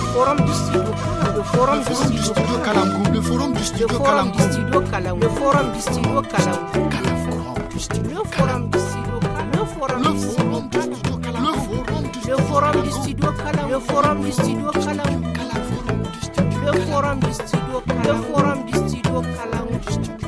le forum du studio le forum du studio Kalam. le forum du studio le forum du studio le forum du studio le forum du studio le forum du studio le forum du studio le forum du studio forum studio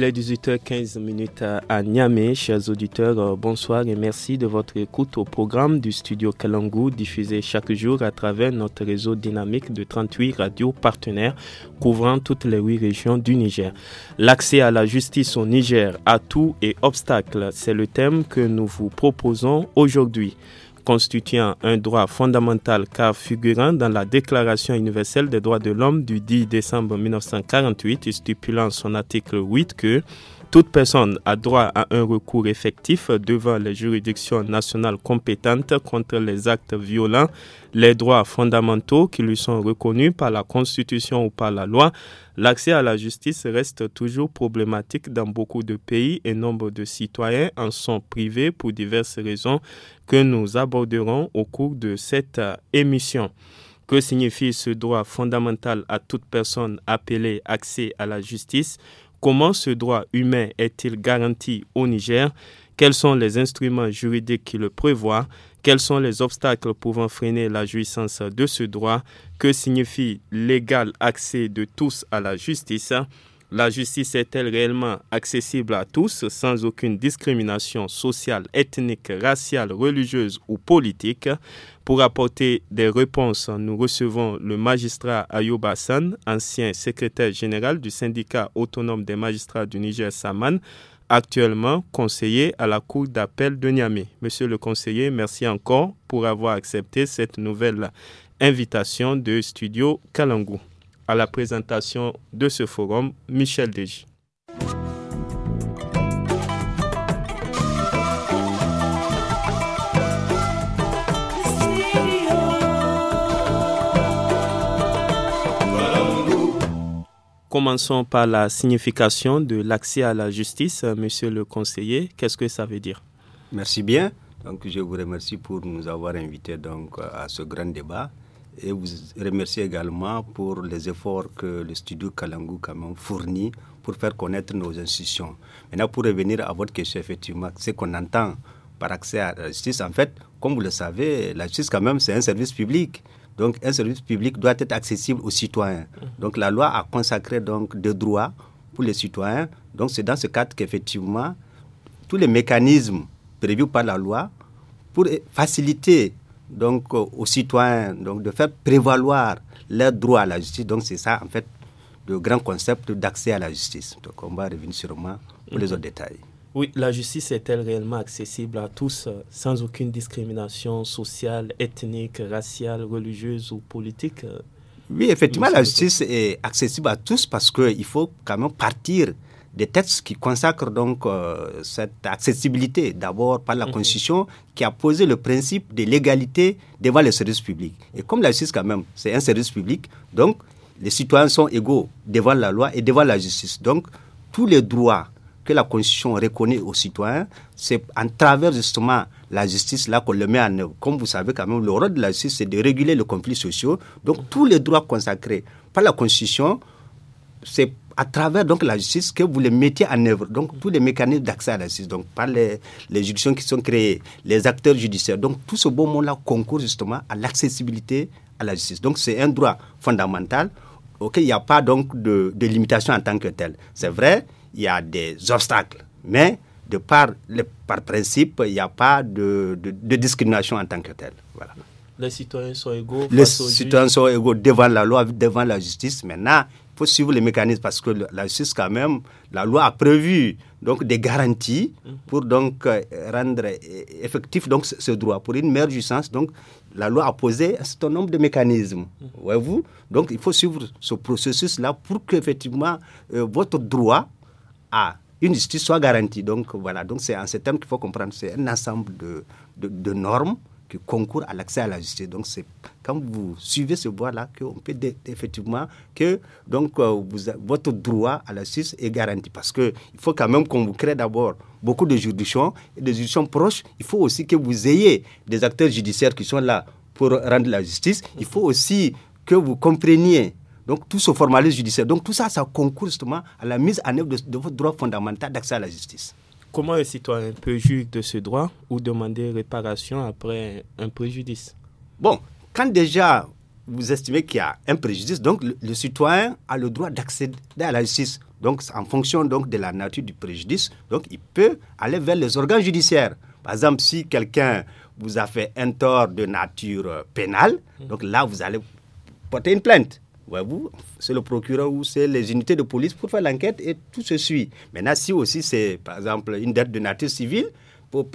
il est 18h15 à Niamey. Chers auditeurs, euh, bonsoir et merci de votre écoute au programme du studio Kalangou diffusé chaque jour à travers notre réseau dynamique de 38 radios partenaires couvrant toutes les 8 régions du Niger. L'accès à la justice au Niger, atouts et obstacles, c'est le thème que nous vous proposons aujourd'hui constituant un droit fondamental car figurant dans la Déclaration universelle des droits de l'homme du 10 décembre 1948 et stipulant son article 8 que toute personne a droit à un recours effectif devant les juridictions nationales compétentes contre les actes violents. Les droits fondamentaux qui lui sont reconnus par la Constitution ou par la loi, l'accès à la justice reste toujours problématique dans beaucoup de pays et nombre de citoyens en sont privés pour diverses raisons que nous aborderons au cours de cette émission. Que signifie ce droit fondamental à toute personne appelée accès à la justice Comment ce droit humain est-il garanti au Niger Quels sont les instruments juridiques qui le prévoient Quels sont les obstacles pouvant freiner la jouissance de ce droit Que signifie l'égal accès de tous à la justice la justice est-elle réellement accessible à tous sans aucune discrimination sociale, ethnique, raciale, religieuse ou politique pour apporter des réponses, nous recevons le magistrat Ayoub Hassan, ancien secrétaire général du syndicat autonome des magistrats du Niger Saman, actuellement conseiller à la Cour d'appel de Niamey. Monsieur le conseiller, merci encore pour avoir accepté cette nouvelle invitation de Studio Kalangou. À la présentation de ce forum, Michel Deji. Commençons par la signification de l'accès à la justice. Euh, monsieur le conseiller, qu'est-ce que ça veut dire Merci bien. Donc, je vous remercie pour nous avoir invités donc, à ce grand débat et vous remercie également pour les efforts que le studio Kalangu Kamang fournit pour faire connaître nos institutions. Maintenant, pour revenir à votre question, effectivement, ce qu'on entend par accès à la justice, en fait, comme vous le savez, la justice, quand même, c'est un service public. Donc un service public doit être accessible aux citoyens. Donc la loi a consacré donc des droits pour les citoyens. Donc c'est dans ce cadre qu'effectivement tous les mécanismes prévus par la loi pour faciliter aux citoyens de faire prévaloir leurs droits à la justice. Donc c'est ça en fait le grand concept d'accès à la justice. Donc on va revenir sûrement pour les mhm. autres détails. Oui, la justice est-elle réellement accessible à tous euh, sans aucune discrimination sociale, ethnique, raciale, religieuse ou politique euh? Oui, effectivement, la justice est accessible à tous parce qu'il faut quand même partir des textes qui consacrent donc euh, cette accessibilité, d'abord par la mhm. Constitution, qui a posé le principe de l'égalité devant les services publics. Et comme la justice, quand même, c'est un service public, donc les citoyens sont égaux devant la loi et devant la justice. Donc, tous les droits que la Constitution reconnaît aux citoyens, c'est en travers justement la justice là qu'on le met en œuvre. Comme vous savez quand même, le rôle de la justice, c'est de réguler le conflit sociaux. Donc tous les droits consacrés par la Constitution, c'est à travers donc la justice que vous les mettez en œuvre. Donc tous les mécanismes d'accès à la justice, donc par les, les qui sont créées, les acteurs judiciaires. Donc tout ce beau monde-là concourt justement à l'accessibilité à la justice. Donc c'est un droit fondamental Ok, il n'y a pas donc de limitation en tant que tel. C'est vrai, il y a des obstacles. Mais de par, le, par principe, il n'y a pas de, de, discrimination en tant que telle. Voilà. Les citoyens sont égaux. Les citoyens sont égaux devant la loi, devant la justice. Maintenant, il faut suivre les mécanismes parce que la justice, quand même, la loi a prévu donc, des garanties mhm. pour donc, euh, rendre euh, effectif donc, ce droit. Pour une meilleure justice, donc, la loi a posé un certain nombre de mécanismes. Mhm. Voyez-vous Donc, il faut suivre ce processus-là pour qu'effectivement, euh, votre droit à une justice soit garantie. Donc voilà, donc c'est en ces termes qu'il faut comprendre, c'est un ensemble de, de, normes qui concourent à l'accès à la justice. Donc c'est quand vous suivez ce bois là qu'on peut effectivement que donc euh, vous, votre droit à la justice est garanti parce que il faut quand même qu'on vous crée d'abord beaucoup de juridictions et des juridictions proches. Il faut aussi que vous ayez des acteurs judiciaires qui sont là pour rendre la justice. Il faut aussi que vous compreniez donc tout ce formalisme judiciaire, donc tout ça, ça concourt justement à la mise en œuvre de, vos votre droit fondamental d'accès à la justice. Comment un citoyen peut juger de ce droit ou demander réparation après un préjudice Bon, quand déjà vous estimez qu'il y a un préjudice, donc le, citoyen a le droit d'accéder à la justice. Donc en fonction donc de la nature du préjudice, donc il peut aller vers les organes judiciaires. Par exemple, si quelqu'un vous a fait un tort de nature euh, pénale, mmh. donc là vous allez porter une plainte vous c'est le procureur ou c'est les unités de police pour faire l'enquête et tout se suit. Maintenant, si aussi c'est, par exemple, une dette de nature civile, pour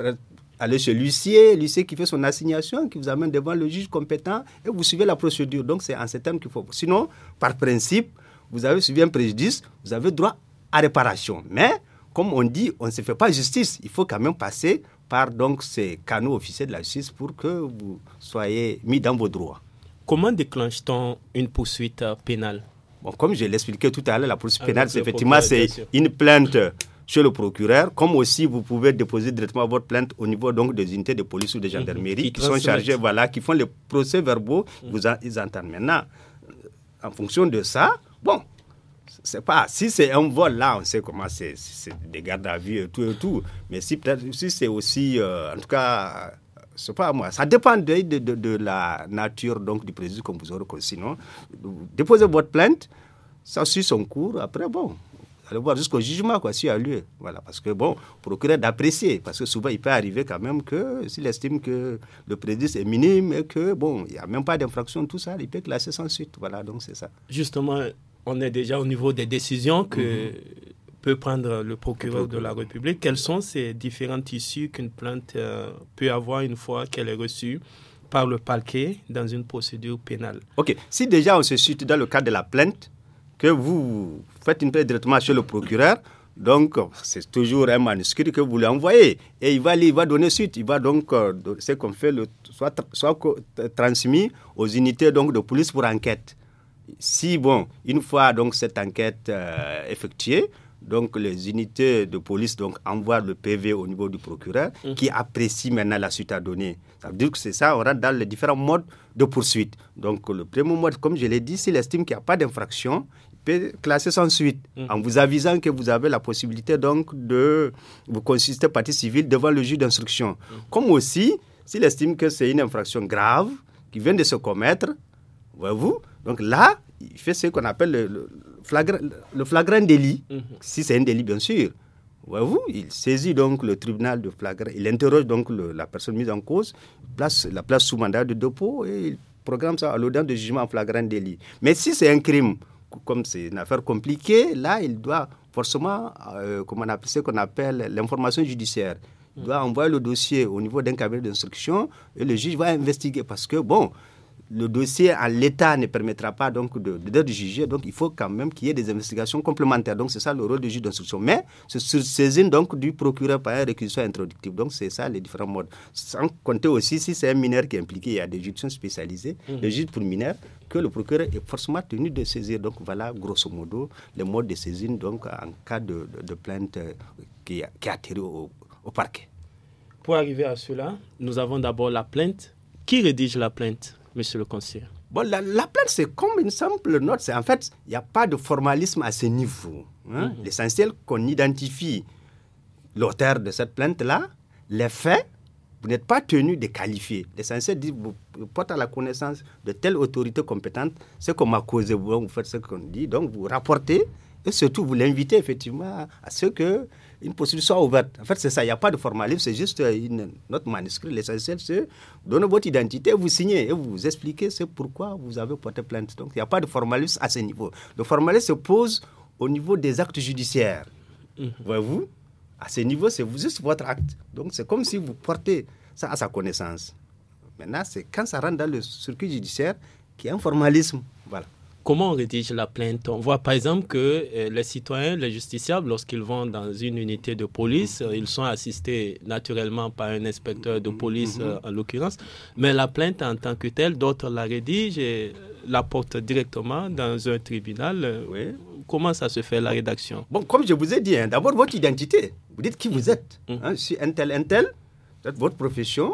aller chez l'huissier, l'huissier qui fait son assignation, qui vous amène devant le juge compétent et vous suivez la procédure. Donc, c'est en ces termes qu'il faut. Sinon, par principe, vous avez suivi un préjudice, vous avez droit à réparation. Mais, comme on dit, on ne se fait pas justice. Il faut quand même passer par donc, ces canaux officiels de la justice pour que vous soyez mis dans vos droits. Comment déclenche-t-on une poursuite euh, pénale bon, Comme je l'expliquais tout à l'heure, la poursuite ah, pénale, effectivement c'est une plainte chez le procureur, comme aussi vous pouvez déposer directement votre plainte au niveau donc des unités de police ou de mhm. gendarmerie qui, sont chargées, voilà, qui font les procès verbaux, mhm. vous ils entendent maintenant. En fonction de ça, bon, c'est pas si c'est un vol là, on sait comment c'est des gardes à vue et tout et tout, mais si si c'est aussi, euh, en tout cas c'est pas à moi. Ça dépend de, la nature donc, du président, qu'on vous aurez. Sinon, déposez votre plainte, ça suit son cours. Après, bon, allez voir jusqu'au jugement, quoi, s'il y a lieu. Voilà, parce que, bon, procureur d'apprécier, parce que souvent, il peut arriver quand même que s'il estime que le préjudice est minime et que, bon, il n'y a même pas d'infraction, tout ça, il peut classer sans suite. Voilà, donc c'est ça. Justement, on est déjà au niveau des décisions que mhm peut prendre le procureur de la République. Quels sont ces différentes issues qu'une plainte euh, peut avoir une fois qu'elle est reçue par le parquet dans une procédure pénale Ok, si déjà on se situe dans le cadre de la plainte, que vous faites une plainte directement chez le procureur, donc, c'est toujours un manuscrit que vous lui envoyez. Et il va, il va donner suite. Il va donc, euh, c'est qu'on fait, le, soit, soit transmis aux unités donc, de police pour enquête. Si, bon, une fois donc cette enquête euh, effectuée, donc les unités de police donc, envoient le PV au niveau du procureur mhm. qui apprécie maintenant la suite à donner. Ça veut dire que c'est ça, on rentre dans les différents modes de poursuite. Donc le premier mode, comme je l'ai dit, s'il estime qu'il n'y a pas d'infraction, il peut classer sans suite mhm. en vous avisant que vous avez la possibilité donc de vous consister partie civile devant le juge d'instruction. Mhm. Comme aussi, s'il estime que c'est une infraction grave qui vient de se commettre, voyez-vous, donc là, il fait ce qu'on appelle le flagrant, le flagrant délit, mhm. si c'est un délit bien sûr, vous il saisit donc le tribunal de flagrant, il interroge donc la personne mise en cause, place, la place sous mandat de dépôt et il programme ça à l'audience de jugement en flagrant délit. Mais si c'est un crime, comme c'est une affaire compliquée, là, il doit forcément, euh, comme on appelle, ce qu'on appelle l'information judiciaire. Il doit envoyer le dossier au niveau d'un cabinet d'instruction et le juge va investiguer parce que, bon, le dossier à l'État ne permettra pas donc de, de, Donc, il faut quand même qu'il y ait des investigations complémentaires. Donc, c'est ça le rôle du juge d'instruction. Mais se saisine donc du procureur par un réquisition introductive. Donc, c'est ça les différents modes. Sans compter aussi si c'est un mineur qui est impliqué, il y a des juridictions spécialisées, mhm. le juge pour mineurs, que le procureur est forcément tenu de saisir. Donc, voilà grosso modo les modes de saisine donc en cas de, plainte euh, qui, qui atterri au parquet. Pour arriver à cela, nous avons d'abord la plainte. Qui rédige la plainte monsieur le conseiller Bon, la, plainte, c'est comme une simple note. En fait, il n'y a pas de formalisme à ce niveau. Hein. Mm-hmm. L'essentiel qu'on identifie l'auteur de cette plainte-là, les faits, vous n'êtes pas tenu de qualifier. L'essentiel dit, vous portez à la connaissance de telle autorité compétente ce qu'on m'a causé, vous faites ce qu'on dit, donc vous rapportez, et surtout vous l'invitez effectivement à ce que une procédure ouverte. En fait, c'est ça, il n'y a pas de formalisme, c'est juste euh, notre manuscrit. L'essentiel, c'est donner votre identité, vous signez et vous expliquez c'est pourquoi vous avez porté plainte. Donc, il n'y a pas de formalisme à ce niveau. Le formalisme se pose au niveau des actes judiciaires. Mmh. Voyez-vous À ce niveau, c'est juste votre acte. Donc, c'est comme si vous portez ça à sa connaissance. Maintenant, c'est quand ça rentre dans le circuit judiciaire qu'il y a un formalisme. Comment on rédige la plainte On voit par exemple que euh, les citoyens, les justiciables, lorsqu'ils vont dans une unité de police, euh, ils sont assistés naturellement par un inspecteur de police mhm. euh, en l'occurrence, mais la plainte en tant que telle, d'autres la rédigent et la portent directement dans un tribunal. Comment ça se fait la rédaction Bon, comme je vous ai dit, hein, d'abord votre identité. Vous dites qui vous mhm. êtes. Hein, je mhm. suis un tel, un tel, votre profession,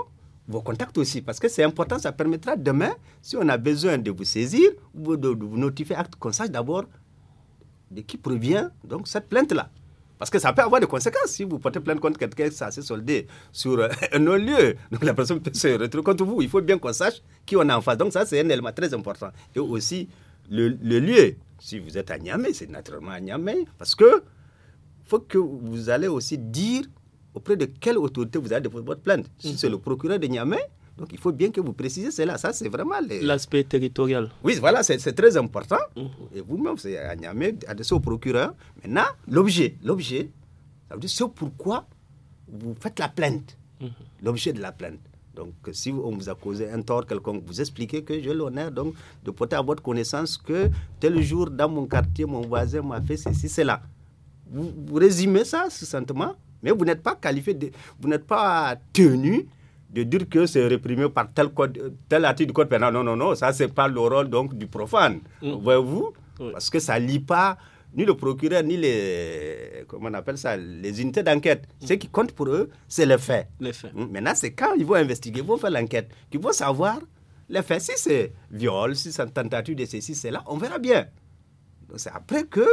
vos contacts aussi, parce que c'est important, ça permettra demain, si on a besoin de vous saisir ou de, vous notifier acte, qu'on sache d'abord de qui provient donc cette plainte-là. Parce que ça peut avoir des conséquences. Si vous portez plainte contre quelqu'un, ça s'est soldé sur euh, un autre lieu. Donc la personne peut se retrouver contre vous. Il faut bien qu'on sache qui on a en face. Donc ça, c'est un élément très important. Et aussi, le, lieu. Si vous êtes à Niamey, c'est naturellement à Niamey. Parce que faut que vous allez aussi dire auprès de quelle autorité vous avez déposé votre plainte. Mhm. c'est le procureur de Niamey, donc il faut bien que vous précisez cela. Ça, c'est vraiment l'aspect territorial. Oui, voilà, c'est très important. Mhm. Et vous-même, c'est à Niamey, adressé au procureur. Maintenant, l'objet, l'objet, ça veut dire ce pourquoi vous faites la plainte, mhm. l'objet de la plainte. Donc, si on vous a causé un tort quelconque, vous expliquez que j'ai l'honneur donc de porter à votre connaissance que tel jour dans mon quartier, mon voisin m'a fait ceci, cela. Vous, résumez ça succinctement mais vous n'êtes pas qualifié, de, vous n'êtes pas tenu de dire que c'est réprimé par tel, code, tel article du code pénal. Non, non, non, ça, c'est pas le rôle donc, du profane. Mm. Voyez-vous Parce que ça ne lie pas ni le procureur, ni les, comment on appelle ça, les unités d'enquête. Mm. Ce qui compte pour eux, c'est le fait. Les mm. Maintenant, c'est quand ils vont investiguer, ils vont faire l'enquête, qu'ils vont savoir les faits. Si c'est viol, si c'est tentative de ceci, là, on verra bien. C'est après que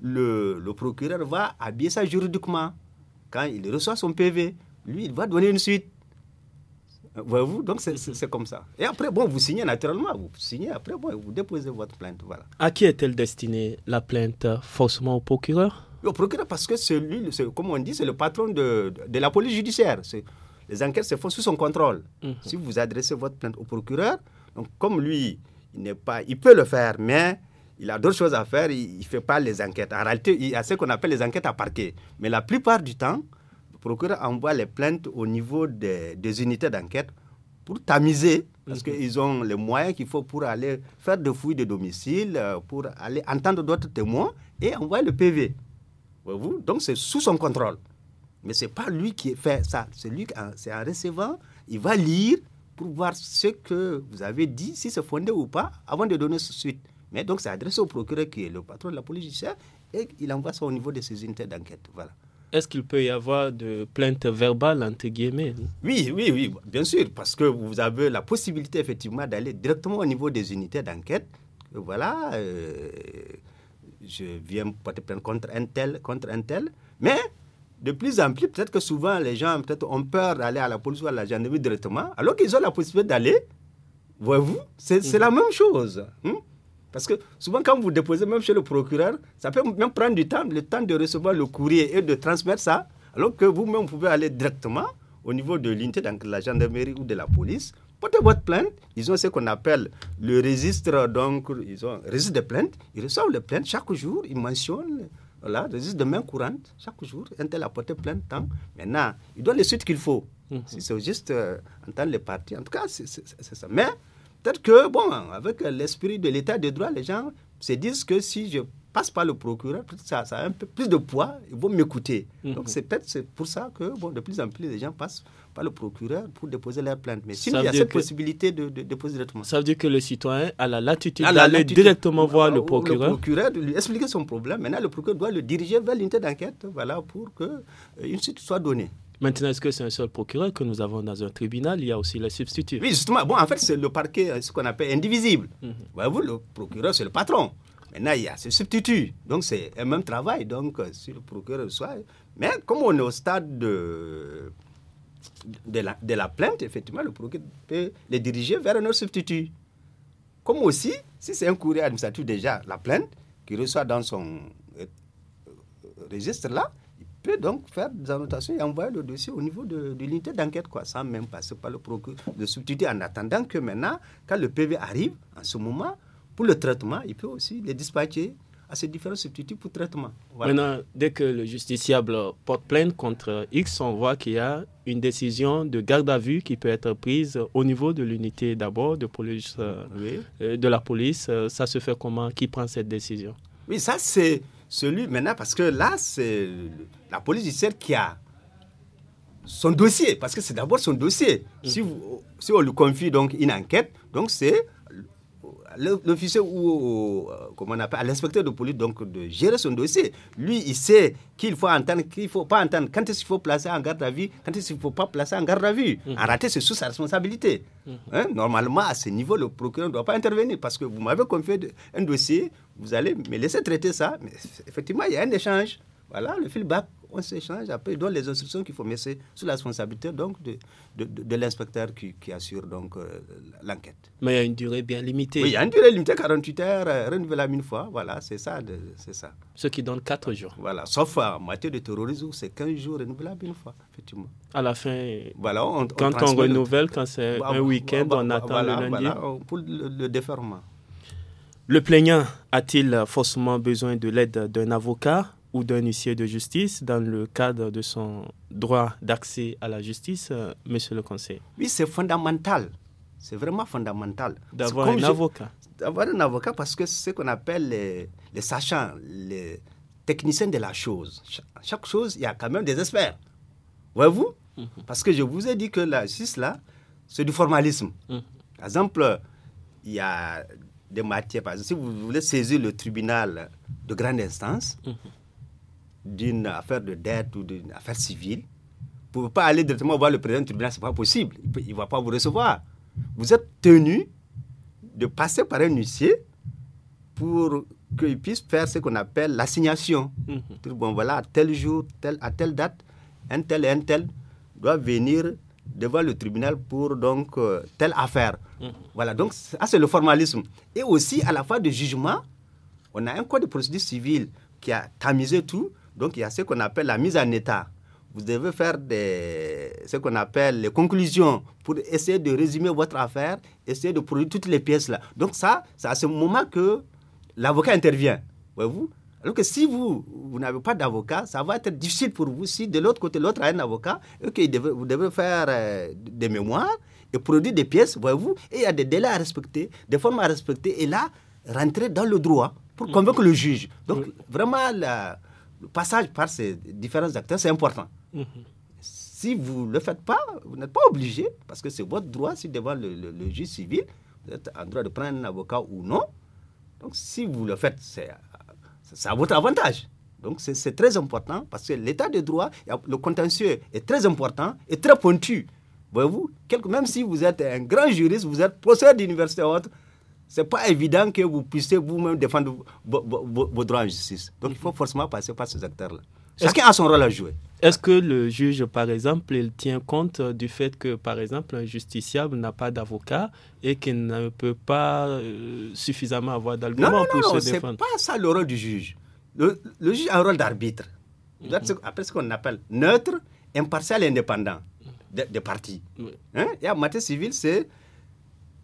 le, le procureur va habiller ça juridiquement quand il reçoit son PV, lui, il va donner une suite. Voyez-vous Donc, c'est comme ça. Et après, bon, vous signez naturellement, vous signez, après, bon, vous déposez votre plainte. Voilà. À qui est-elle destinée, la plainte Forcément au procureur Au procureur, parce que c'est comme on dit, c'est le patron de, de, la police judiciaire. Les enquêtes se font sous son contrôle. Mhm. Si vous adressez votre plainte au procureur, donc comme lui, il, pas, il peut le faire, mais il a d'autres choses à faire, il ne fait pas les enquêtes. En réalité, il y a ce qu'on appelle les enquêtes à parquet. Mais la plupart du temps, le procureur envoie les plaintes au niveau des, unités d'enquête pour tamiser, parce mhm. qu'ils ont les moyens qu'il faut pour aller faire des fouilles de domicile, euh, pour aller entendre d'autres témoins et envoyer le PV. vous Donc c'est sous son contrôle. Mais ce n'est pas lui qui fait ça. C'est lui, c'est en recevant, il va lire pour voir ce que vous avez dit, si c'est fondé ou pas, avant de donner suite. Mais donc, c'est adressé au procureur qui est le patron de la police judiciaire et il envoie ça au niveau de ses unités d'enquête. Voilà. Est-ce qu'il peut y avoir de plaintes verbales, entre guillemets Oui, oui, oui, bien sûr, parce que vous avez la possibilité, effectivement, d'aller directement au niveau des unités d'enquête. Voilà, euh, je viens porter plainte contre un tel, contre un tel. Mais de plus en plus, peut-être que souvent, les gens peut-être ont peur d'aller à la police ou à la gendarmerie directement, alors qu'ils ont la possibilité d'aller. Voyez-vous, c'est mhm. la même chose. Hein. Parce que souvent, quand vous déposez même chez le procureur, ça peut même prendre du temps, le temps de recevoir le courrier et de transmettre ça, alors que vous-même, vous pouvez aller directement au niveau de l'unité, donc de la gendarmerie ou de la police, porter votre plainte. Ils ont ce qu'on appelle le registre, donc ils ont registre de plaintes. Ils reçoivent les plaintes chaque jour, ils mentionnent. Voilà, registre de main courante, chaque jour, un tel a porté plein de temps. Maintenant, il doit les suites qu'il faut. Mmh. C'est juste euh, entendre les parties. En tout cas, c'est ça. Mais Peut-être que, bon, avec l'esprit de l'état de droit, les gens se disent que si je passe par le procureur, ça, a un peu plus de poids, il vont m'écouter. coûter. Mhm. Donc c'est peut-être pour ça que bon, de plus en plus les gens passent par le procureur pour déposer leur plainte. Mais s'il y a cette possibilité de, déposer directement. Ça veut dire que le citoyen a la latitude d'aller directement voir le procureur. Le procureur, lui expliquer son problème. Maintenant, le procureur doit le diriger vers l'unité d'enquête voilà, pour qu'une euh, suite soit donnée. Maintenant, est-ce que c'est un seul procureur que nous avons dans un tribunal Il y a aussi les substituts. Oui, justement. Bon, en fait, c'est le parquet, euh, ce qu'on appelle indivisible. Mhm. Voyez-vous, le procureur, c'est le patron. Maintenant, il y a ses substituts. Donc, c'est un même travail. Donc, euh, si le procureur soit. Mais comme on est au stade de, de, la, plainte, effectivement, le procureur peut les diriger vers un autre substitut. Comme aussi, si c'est un courrier administratif déjà, la plainte qui reçoit dans son euh, registre là, peut donc faire des annotations et envoyer le dossier au niveau de, l'unité d'enquête, quoi, sans même passer par le procureur de substitut, en attendant que maintenant, quand le PV arrive, en ce moment, pour le traitement, il peut aussi les dispatcher à ces différents substituts pour traitement. Maintenant, dès que le justiciable porte plainte contre X, on voit qu'il y a une décision de garde à vue qui peut être prise au niveau de l'unité d'abord de police, euh, euh, de la police. Euh, ça se fait comment Qui prend cette décision Oui, ça c'est celui maintenant, parce que là, c'est la police judiciaire qui a son dossier, parce que c'est d'abord son dossier. Si, mm. si on lui confie donc une enquête, donc c'est l'officier ou euh, on appelle, l'inspecteur de police donc de gérer son dossier. Lui, il sait qu'il faut entendre, qu'il faut pas entendre. Quand est-ce qu'il faut placer en garde à vue, quand est-ce qu'il faut pas placer en garde à vue. Mmh. En c'est sous sa responsabilité. Mmh. Hein? Normalement, à ce niveau, le procureur ne doit pas intervenir parce que vous m'avez confié un dossier, vous allez me laisser traiter ça. Mais effectivement, il y a un échange. Voilà le feedback on s'échange, après, il les instructions qu'il faut, mais c'est sous la responsabilité donc, de, de, l'inspecteur qui, assure donc euh, l'enquête. Mais il y a une durée bien limitée. Oui, il y a une durée limitée, 48 heures, euh, renouvelable une fois, voilà, c'est ça. c'est ça. Ce qui donne 4 jours. Voilà, sauf en matière de terrorisme, c'est 15 jours renouvelable une fois, effectivement. À la fin, voilà, quand on renouvelle, quand c'est bah, un week-end, bah, on bah, attend le lundi. Voilà, pour le, le déferlement. Le plaignant a-t-il forcément besoin de l'aide d'un avocat ou d'un huissier de justice dans le cadre de son droit d'accès à la justice, euh, monsieur le conseil Oui, c'est fondamental. C'est vraiment fondamental. D'avoir un avocat. D'avoir un avocat parce que c'est ce qu'on appelle les, sachants, les techniciens de la chose. chaque chose, il y a quand même des experts. Voyez-vous mhm. Parce que je vous ai dit que la justice, là, c'est du formalisme. Mhm. Par exemple, il y a des matières. Par exemple, si vous voulez saisir le tribunal de grande instance, mhm d'une affaire de dette ou d'une affaire civile, vous ne pouvez pas aller directement voir le président du tribunal, ce n'est pas possible. Il ne va pas vous recevoir. Vous êtes tenu de passer par un huissier pour qu'il puisse faire ce qu'on appelle l'assignation. Mhm. Bon, voilà, à tel jour, tel, à telle date, un tel et un tel doit venir devant le tribunal pour donc euh, telle affaire. Mhm. Voilà, donc ça c'est le formalisme. Et aussi à la fin du jugement, on a un code de procédure civile qui a tamisé tout donc il y a ce qu'on appelle la mise en état. Vous devez faire des, ce qu'on appelle les conclusions pour essayer de résumer votre affaire, essayer de produire toutes les pièces là. Donc ça, c'est à ce moment que l'avocat intervient. Voyez-vous alors que si vous, vous n'avez pas d'avocat, ça va être difficile pour vous. Si de l'autre côté, l'autre a un avocat, vous devez faire euh, des mémoires et produire des pièces, voyez-vous, et il y a des délais à respecter, des formes à respecter, et là, rentrer dans le droit pour mm. convaincre le juge. Donc, mm. vraiment, la, le passage par ces différents acteurs, c'est important. Mhm. Si vous ne le faites pas, vous n'êtes pas obligé, parce que c'est votre droit, si devant le, le, juge civil, vous êtes en droit de prendre un avocat ou non. Donc si vous le faites, c'est à votre avantage. Donc c'est très important, parce que l'état de droit, le contentieux est très important et très pointu. Voyez-vous, même si vous êtes un grand juriste, vous êtes professeur d'université ou autre, ce n'est pas évident que vous puissiez vous-même défendre vos, droits en justice. Donc, il faut forcément passer par ces acteurs-là. Chacun a son rôle à jouer. Est-ce que le juge, par exemple, il tient compte du fait que, par exemple, un justiciable n'a pas d'avocat et qu'il ne peut pas euh, suffisamment avoir d'arguments pour se non, défendre Non, c'est pas ça le rôle du juge. Le, juge a un rôle d'arbitre. Mhm. Après ce qu'on appelle neutre, impartial et indépendant mhm. des parties. partis. Hein? Et en matière civile, c'est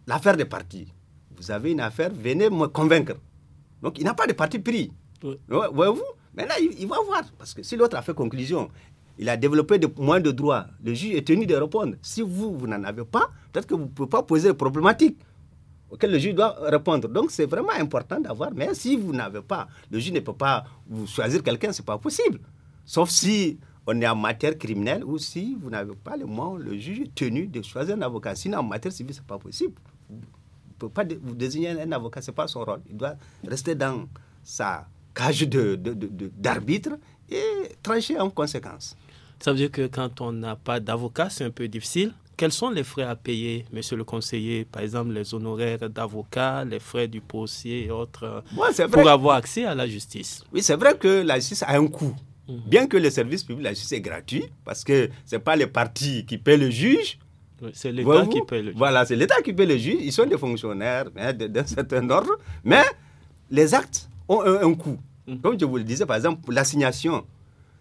l'affaire des partis vous avez une affaire, venez me convaincre. Donc il n'a pas de parti pris. Voyez-vous Mais là, il, va voir. Parce que si l'autre a fait conclusion, il a développé de, moins de droits, le juge est tenu de répondre. Si vous, vous n'en avez pas, peut-être que vous ne pouvez pas poser les problématique auxquelles le juge doit répondre. Donc c'est vraiment important d'avoir. Mais si vous n'avez pas, le juge ne peut pas vous choisir quelqu'un, ce n'est pas possible. Sauf si on est en matière criminelle ou si vous n'avez pas le mot, le juge est tenu de choisir un avocat. Sinon, en matière civile, ce n'est pas possible peut pas désigner un avocat, ce n'est pas son rôle. Il doit rester dans sa cage d'arbitre de, et trancher en conséquence. Ça veut dire que quand on n'a pas d'avocat, c'est un peu difficile. Quels sont les frais à payer, monsieur le conseiller Par exemple, les honoraires d'avocat, les frais du procès et autres, pour avoir accès à la justice. Oui, c'est vrai que la justice a un coût. Mhm. Bien que le service public de la justice est gratuit, parce que ce n'est pas les partis qui paient le juge, c'est l'État qui paye le juge. Voilà, c'est l'État qui paye le juge. Ils sont des fonctionnaires hein, d'un certain ordre. Mais les actes ont un, coût. Mm. Comme je vous le disais, par exemple, pour l'assignation.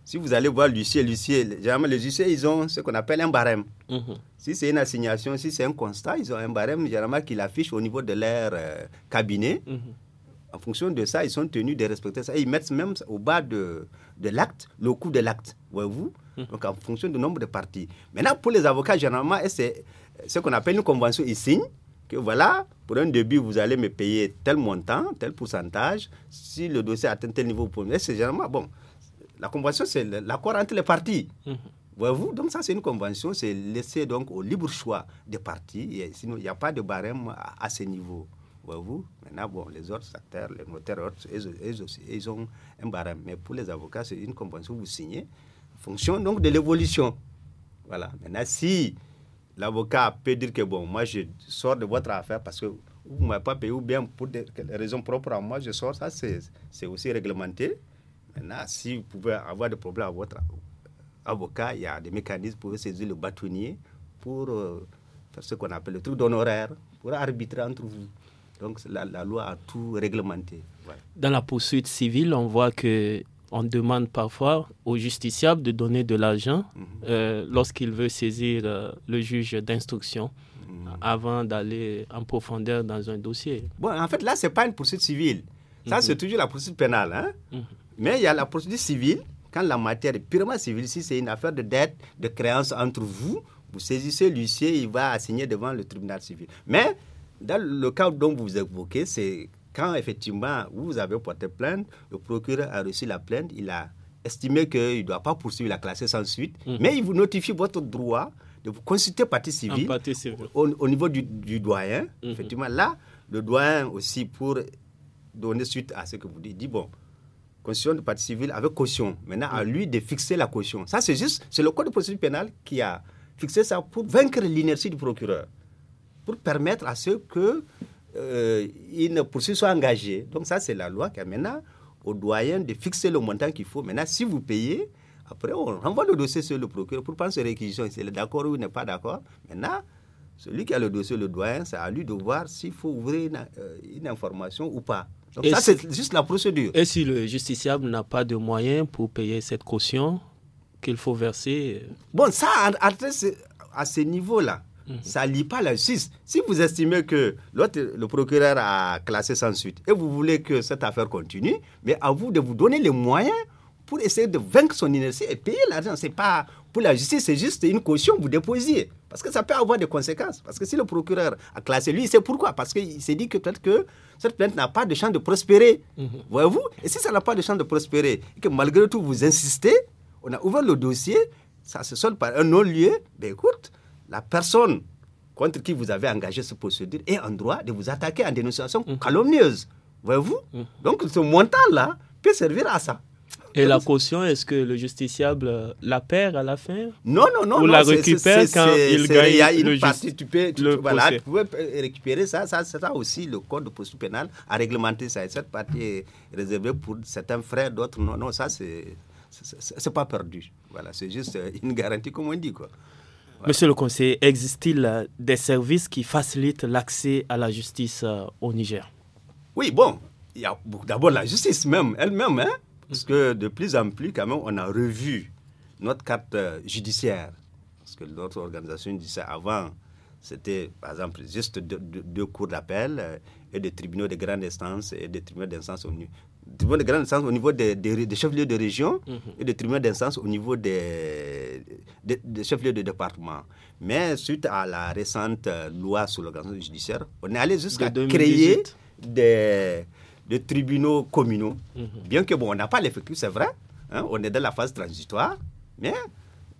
Si vous allez voir l'huissier, l'huissier, généralement les huissiers, ils ont ce qu'on appelle un barème. Mm-hmm. Si c'est une assignation, si c'est un constat, ils ont un barème généralement qu'ils affichent au niveau de leur euh, cabinet. Mm-hmm. en fonction de ça, ils sont tenus de respecter ça. ils mettent même au bas de, de l'acte le coût de l'acte, voyez-vous. donc en fonction du nombre de parties. Maintenant, pour les avocats, généralement, c'est euh, ce qu'on appelle une convention, ils signent que voilà, pour un début, vous allez me payer tel montant, tel pourcentage, si le dossier atteint tel niveau, c'est généralement, bon, la convention, c'est l'accord entre les parties. Mhm. Voyez-vous, donc ça, c'est une convention, c'est laissé donc au libre choix des parties, et sinon, il n'y a pas de barème à, ce niveau. Voyez-vous, maintenant, bon, les autres acteurs, les notaires, ils, ils, ont un barème, mais pour les avocats, c'est une convention, vous signez, fonction donc de l'évolution. Voilà. Maintenant, si l'avocat peut dire que bon, moi je sors de votre affaire parce que vous ne m'avez pas payé ou bien pour des raisons propres à moi, je sors, ça c'est aussi réglementé. Maintenant, si vous pouvez avoir des problèmes à votre avocat, il y a des mécanismes pour saisir le bâtonnier pour euh, faire ce qu'on appelle le truc d'honoraire, pour arbitrer entre vous. Donc la, loi a tout réglementé. Dans la poursuite civile, on voit que on demande parfois au justiciable de donner de l'argent mhm. euh, lorsqu'il veut saisir euh, le juge d'instruction mhm. avant d'aller en profondeur dans un dossier. Bon, en fait, là, ce n'est pas une poursuite civile. Ça, mhm. c'est toujours la poursuite pénale. Hein. Mais il y a la poursuite civile, quand la matière est purement civile, si c'est une affaire de dette, de créance entre vous, vous saisissez l'huissier, il va assigner devant le tribunal civil. Mais dans le cas dont vous évoquez, c'est quand effectivement vous avez porté plainte, le procureur a reçu la plainte, il a estimé qu'il ne doit pas poursuivre la classe sans suite, mhm. mais il vous notifie votre droit de vous consulter partie civile, Au, niveau du, doyen. Mhm. Effectivement, là, le doyen aussi, pour donner suite à ce que vous dites, dit bon, constitution de partie civile avec caution. Maintenant, à mhm. lui de fixer la caution. Ça, c'est juste, c'est le code de procédure pénale qui a fixé ça pour vaincre l'inertie du procureur, pour permettre à ceux que une euh, poursuite soit engagée. Donc ça, c'est la loi qui a maintenant au doyen de fixer le montant qu'il faut. Maintenant, si vous payez, après, on renvoie le dossier sur le procureur pour prendre ses réquisitions. S'il est d'accord ou n'est pas d'accord. Maintenant, celui qui a le dossier, le doyen, c'est à lui de voir s'il faut ouvrir une, euh, information ou pas. Donc, ça, c'est juste la procédure. Et si le justiciable n'a pas de moyens pour payer cette caution qu'il faut verser euh, Bon, ça, à, à ce niveau-là, Mhm. ça ne lie pas la justice. Si vous estimez que l'autre, le procureur a classé sans suite et vous voulez que cette affaire continue, mais à vous de vous donner les moyens pour essayer de vaincre son inertie et payer l'argent. C'est pas pour la justice, c'est juste une caution que vous déposiez. Parce que ça peut avoir des conséquences. Parce que si le procureur a classé lui, c'est pourquoi Parce qu'il s'est dit que peut-être que cette plainte n'a pas de chance de prospérer. Mhm. Voyez-vous Et si ça n'a pas de chance de prospérer, et que malgré tout vous insistez, on a ouvert le dossier, ça se solde par un non-lieu, ben écoute, la personne contre qui vous avez engagé ce procédure est en droit de vous attaquer en dénonciation mm-hmm. calomnieuse. Voyez-vous mm-hmm. Donc ce montant-là peut servir à ça. Et la caution, est-ce que le justiciable la perd à la fin Non, non, non. Ou la récupère quand il gagne y a une partie, tu peux, voilà, tu peux récupérer ça, ça. Ça aussi, le code de procédure pénale a réglementé ça. Et cette partie est réservée pour certains frères, d'autres non. Non, ça, c'est pas perdu. Voilà, c'est juste euh, une garantie, comme on dit. quoi. Monsieur le conseiller, existe-t-il euh, des services qui facilitent l'accès à la justice euh, au Niger Oui, bon, il y a d'abord la justice même, elle-même, hein, parce que de plus en plus, quand même, on a revu notre carte euh, judiciaire. Parce que notre organisation disait avant, c'était par exemple juste deux, cours d'appel et des tribunaux de grande instance et des tribunaux d'instance au, de instance au niveau des, chefs-lieux de région mhm. et des tribunaux d'instance au niveau des, chefs-lieux de département. Mais suite à la récente euh, loi sur l'organisation judiciaire, on est allé jusqu'à créer des, tribunaux communaux. Mhm. Bien que, bon, on n'a pas l'effectif, c'est vrai, hein, on est dans la phase transitoire, mais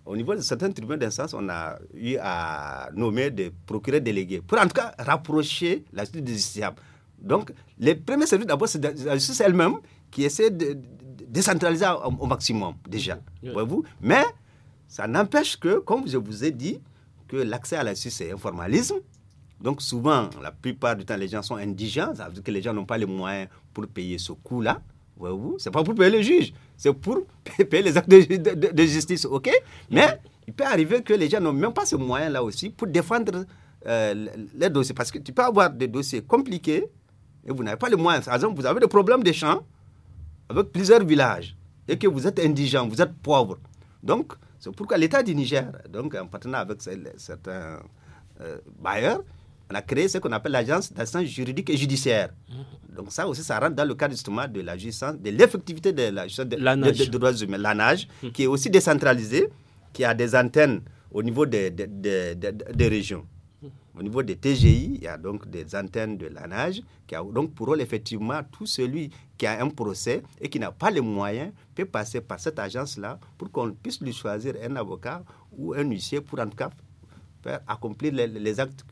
au niveau de certains tribunaux d'instance, on a eu à nommer des procureurs délégués pour en tout cas rapprocher la justice des justiciables. Donc, les premiers services, d'abord, c'est la justice elle-même qui essaie de, décentraliser au, maximum, déjà. Voyez-vous Mais ça n'empêche que, comme je vous ai dit, que l'accès à la justice, est un formalisme. Donc, souvent, la plupart du temps, les gens sont indigents. Ça veut dire que les gens n'ont pas les moyens pour payer ce coût-là. Voyez-vous C'est pas pour payer le juge, c'est pour payer les actes de, justice, OK Mais il peut arriver que les gens n'ont même pas ce moyen-là aussi pour défendre euh, les dossiers. Parce que tu peux avoir des dossiers compliqués et vous n'avez pas le moyens. Par exemple, vous avez des problèmes de champs avec plusieurs villages et que vous êtes indigent, vous êtes pauvre. Donc, c'est pourquoi l'État du Niger, donc en partenariat avec certains euh, bailleurs, on a créé ce qu'on appelle l'agence d'assistance juridique et judiciaire. Donc ça aussi, ça rentre dans le cadre justement de de l'effectivité de la justice des de, droits humains, l'ANAGE, hmm. qui est aussi décentralisée, qui a des antennes au niveau des régions. Au niveau des TGI, il y a donc des antennes de l'ANAGE qui a donc pour rôle effectivement tout celui qui a un procès et qui n'a pas les moyens peut passer par cette agence-là pour qu'on puisse lui choisir un avocat ou un huissier pour en tout cas faire accomplir les, actes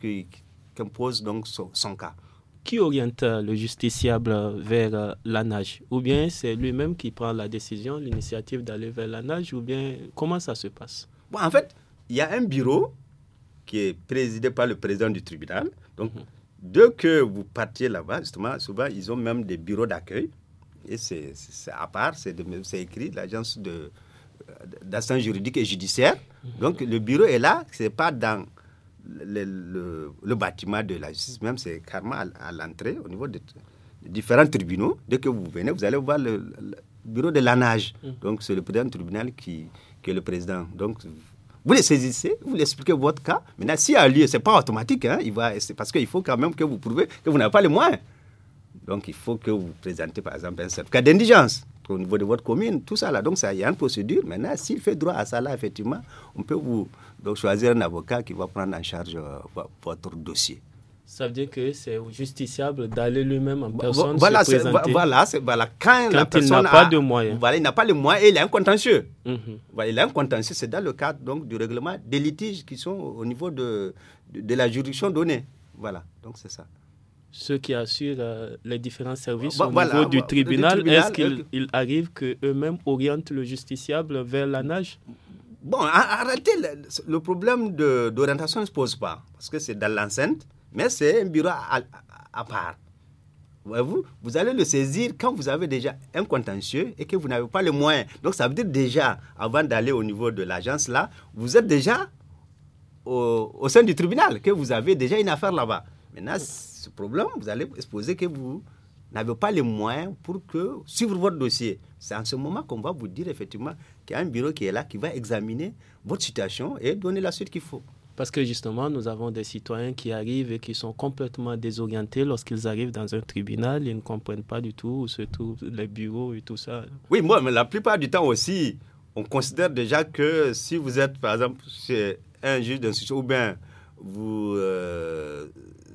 qu'impose donc son, cas. Qui oriente euh, le justiciable vers euh, l'ANAGE Ou bien c'est lui-même qui prend la décision, l'initiative d'aller vers l'ANAGE Ou bien comment ça se passe bon, En fait, il y a un bureau qui est présidé par le président du tribunal. Donc, dès que vous partiez là-bas, justement, souvent, ils ont même des bureaux d'accueil. Et c'est à part, c'est écrit, l'agence euh, d'assistance juridique et judiciaire. Donc, le bureau est là, c'est pas dans le, bâtiment de la justice, même c'est carrément à, l'entrée, au niveau des de différents tribunaux. Dès que vous venez, vous allez voir le, bureau de l'ANAGE. Mm. Donc, c'est le président du tribunal qui, qui est le président. Donc, vous les saisissez, vous les expliquez votre cas. Maintenant, s'il y a lieu, ce n'est pas automatique. Hein. il va, c'est parce qu'il faut quand même que vous prouvez que vous n'avez pas les moyens. Donc, il faut que vous présentez, par exemple, un certificat d'indigence au niveau de votre commune, tout ça là. Donc, ça, il y a une procédure. Maintenant, s'il fait droit à ça là, effectivement, on peut vous donc, choisir un avocat qui va prendre en charge euh, votre dossier. Ça veut dire que c'est au justiciable d'aller lui-même en personne voilà, se présenter. Voilà, voilà. Quand, quand la personne il n'a pas de moyens. Voilà, il n'a pas les moyens et il est un contentieux. Mhm. il est un C'est dans le cadre donc, du règlement des litiges qui sont au niveau de, de, la juridiction donnée. Voilà, donc c'est ça. Ceux qui assurent euh, les différents services au niveau du tribunal, est-ce qu'il euh, arrive qu'eux-mêmes orientent le justiciable vers la nage Bon, arrêtez. le, le problème d'orientation ne se pose pas, parce que c'est dans l'enceinte mais c'est un bureau à, part. Vous, vous allez le saisir quand vous avez déjà un contentieux et que vous n'avez pas les moyens. Donc ça veut dire déjà, avant d'aller au niveau de l'agence là, vous êtes déjà au, au, sein du tribunal, que vous avez déjà une affaire là-bas. Maintenant, ce problème, vous allez exposer que vous n'avez pas les moyens pour que, suivre votre dossier. C'est en ce moment qu'on va vous dire effectivement qu'il y a un bureau qui est là, qui va examiner votre situation et donner la suite qu'il faut. Parce que justement, nous avons des citoyens qui arrivent et qui sont complètement désorientés lorsqu'ils arrivent dans un tribunal. Ils ne comprennent pas du tout où se trouvent les bureaux et tout ça. Oui, moi, mais la plupart du temps aussi, on considère déjà que si vous êtes, par exemple, chez un juge d'instruction ou bien vous euh,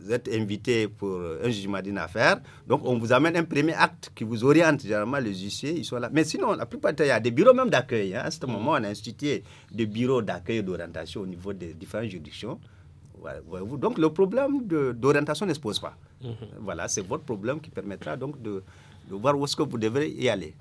vous êtes invité pour euh, un jugement d'une affaire. Donc, on vous amène un premier acte qui vous oriente. Généralement, les huissiers, ils sont là. Mais sinon, la plupart, il y a des bureaux même d'accueil. Hein. À ce moment, on a institué des bureaux d'accueil et d'orientation au niveau des différentes juridictions. donc, le problème d'orientation ne se pose pas. Mhm. Voilà, c'est votre problème qui permettra donc de, de voir où est-ce que vous devrez y aller.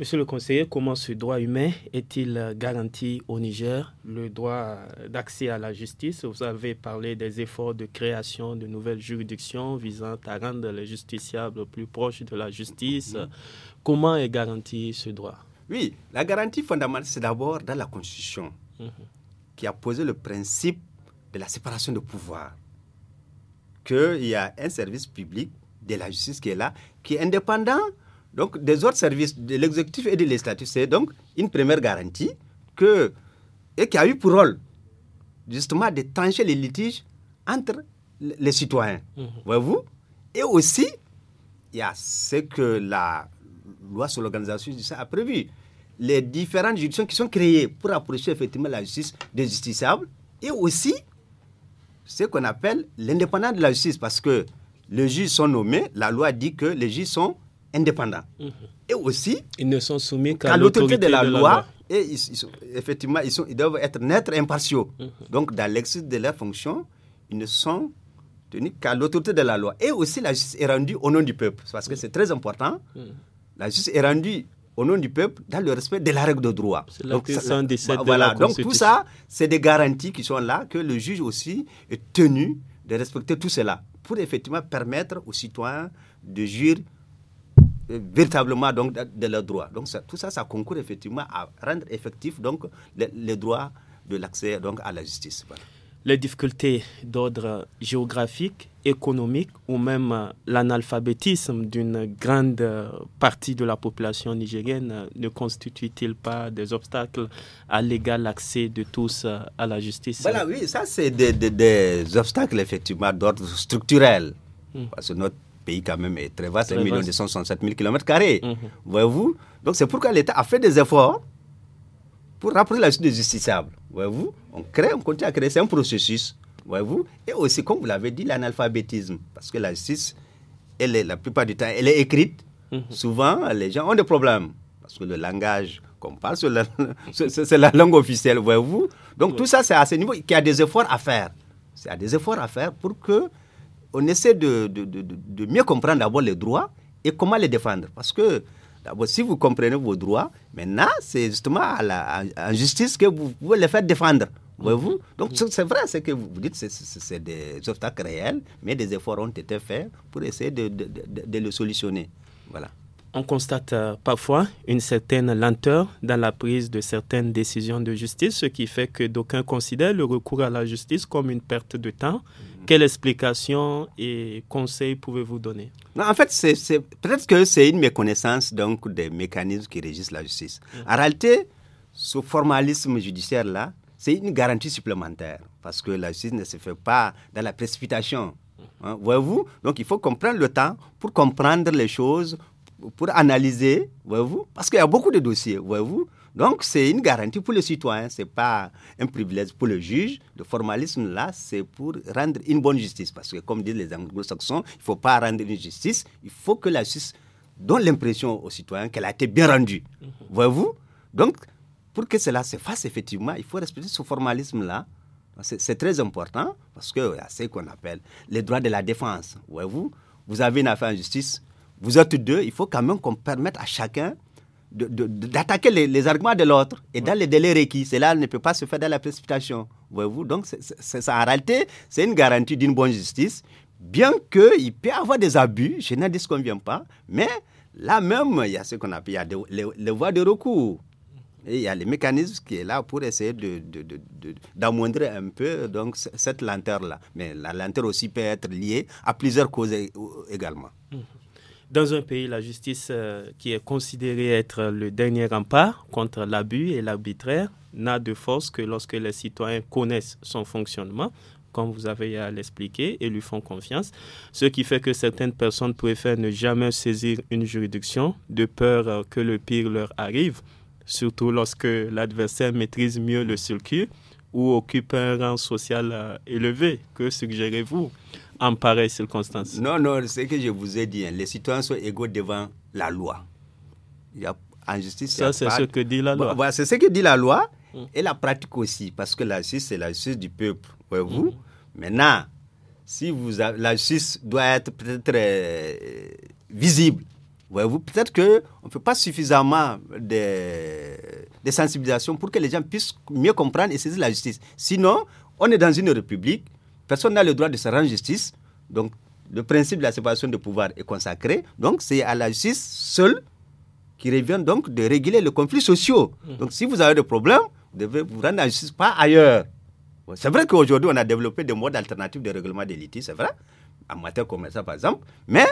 Monsieur le conseiller, comment ce droit humain est-il garanti au Niger Le droit d'accès à la justice, vous avez parlé des efforts de création de nouvelles juridictions visant à rendre les justiciables plus proches de la justice. Mm-hmm. Comment est garanti ce droit Oui, la garantie fondamentale, c'est d'abord dans la Constitution, mm-hmm. qui a posé le principe de la séparation de pouvoir. qu'il y a un service public de la justice qui est là, qui est indépendant donc, des autres services de l'exécutif et de l'Estatus, C'est donc une première garantie que, et qui a eu pour rôle justement de trancher les litiges entre les citoyens. Mhm. Voyez-vous Et aussi, il y a ce que la loi sur l'organisation judiciaire a prévu. Les différentes juridictions qui sont créées pour approcher effectivement la justice des justiciables et aussi ce qu'on appelle l'indépendance de la justice parce que les juges sont nommés, la loi dit que les juges sont indépendants. Mhm. Et aussi, ils ne sont soumis qu'à l'autorité de, la, loi, Et effectivement, ils, sont, ils, doivent être et impartiaux. Mhm. Donc, dans l'exercice de leurs fonctions, ils ne sont tenus qu'à l'autorité de la loi. Et aussi, la justice est rendue au nom du peuple, parce que mhm. c'est très important. La justice est rendue au nom du peuple dans le respect de la règle de droit. Donc, ça, de la donc tout ça, c'est des garanties qui sont là, que le juge aussi est tenu de respecter tout cela pour effectivement permettre aux citoyens de juger véritablement donc, de, leurs droits. Donc tout ça, ça concourt effectivement à rendre effectif donc, les, droits de l'accès donc, à la justice. Les difficultés d'ordre géographique, économique ou même euh, l'analphabétisme d'une grande euh, partie de la population nigérienne euh, ne constituent-ils pas des obstacles à l'égal accès de tous à la justice Voilà, oui, ça c'est des, des, des obstacles effectivement d'ordre structurel. Hmm. Parce que notre pays quand même est très vaste, 1 km carrés. Mhm. Voyez-vous Donc c'est pourquoi l'État a fait des efforts pour rapprocher la justice des justiciables. Voyez-vous On crée, on continue à créer, c'est un processus. Voyez-vous Et aussi, comme vous l'avez dit, l'analphabétisme. Parce que la justice, elle est, la plupart du temps, elle est écrite. Mhm. Souvent, les gens ont des problèmes. Parce que le langage qu'on parle, c'est la, langue officielle, voyez-vous Donc tout ça, c'est à ce niveau qu'il y a des efforts à faire. C'est à des efforts à faire pour que on essaie de, de, mieux comprendre d'abord les droits et comment les défendre. Parce que d'abord, si vous comprenez vos droits, maintenant, c'est justement à la justice que vous pouvez les faire défendre. Voyez-vous Donc, mm. c'est vrai, c'est que vous dites, c'est des obstacles réels, mais des efforts ont été faits pour essayer de, de, le solutionner. Voilà. On constate euh, parfois une certaine lenteur dans la prise de certaines décisions de justice, ce qui fait que d'aucuns considèrent le recours à la justice comme une perte de temps. Mm. Quelle explication et conseils pouvez-vous donner non, En fait, c'est, peut-être que c'est une méconnaissance donc, des mécanismes qui régissent la justice. Mm. En réalité, ce formalisme judiciaire-là, c'est une garantie supplémentaire, parce que la justice ne se fait pas dans la précipitation. Hein, voyez-vous Donc il faut comprendre le temps pour comprendre les choses, pour analyser, voyez-vous Parce qu'il y a beaucoup de dossiers, voyez-vous donc c'est une garantie pour le citoyen, ce n'est pas un privilège pour le juge. Le formalisme là, c'est pour rendre une bonne justice. Parce que comme disent les anglo-saxons, il ne faut pas rendre une justice, il faut que la justice donne l'impression aux citoyens qu'elle a été bien rendue. Mhm. Voyez-vous Donc pour que cela se fasse effectivement, il faut respecter ce formalisme là. C'est très important parce que y a ce qu'on appelle les droits de la défense. Voyez-vous, vous avez une affaire en justice, vous êtes deux, il faut quand même qu'on permette à chacun d'attaquer les, arguments de l'autre et dans les délais requis. Cela ne peut pas se faire dans la précipitation. Voyez-vous, donc ça, en réalité, c'est une garantie d'une bonne justice, bien qu'il peut y avoir des abus, je n'en vient pas, mais là même, il y a ce qu'on appelle les, voies de recours. Et il y a les mécanismes qui est là pour essayer d'amoindrir de, de, un peu donc, cette lenteur-là. Mais la lenteur aussi peut être liée à plusieurs causes également. Mmh dans un pays, la justice euh, qui est considérée être le dernier rempart contre l'abus et l'arbitraire n'a de force que lorsque les citoyens connaissent son fonctionnement, comme vous avez à l'expliquer, et lui font confiance. Ce qui fait que certaines personnes préfèrent ne jamais saisir une juridiction de peur euh, que le pire leur arrive, surtout lorsque l'adversaire maîtrise mieux le circuit ou occupe un rang social euh, élevé. Que suggérez-vous en pareille circonstance Non, non, c'est ce que je vous ai dit, hein, les citoyens sont égaux devant la loi. Il y a, en justice, ça, c'est ce que dit la loi. c'est ce que dit la loi et la pratique aussi, parce que la justice, c'est la justice du peuple. Voyez-vous mm. Maintenant, si vous avez, la justice doit être peut-être euh, visible. Voyez-vous, peut-être qu'on ne fait pas suffisamment de, sensibilisation pour que les gens puissent mieux comprendre et saisir la justice. Sinon, on est dans une république, Personne n'a le droit de se rendre justice. Donc, le principe de la séparation de pouvoir est consacré. Donc, c'est à la justice seule qui revient donc de réguler le conflit sociaux. Mmh. Donc, si vous avez des problèmes, vous devez vous rendre à la justice, pas ailleurs. c'est vrai qu'aujourd'hui, on a développé des modes alternatifs de règlement des litiges, c'est vrai, en matière commerciale, par exemple. Mais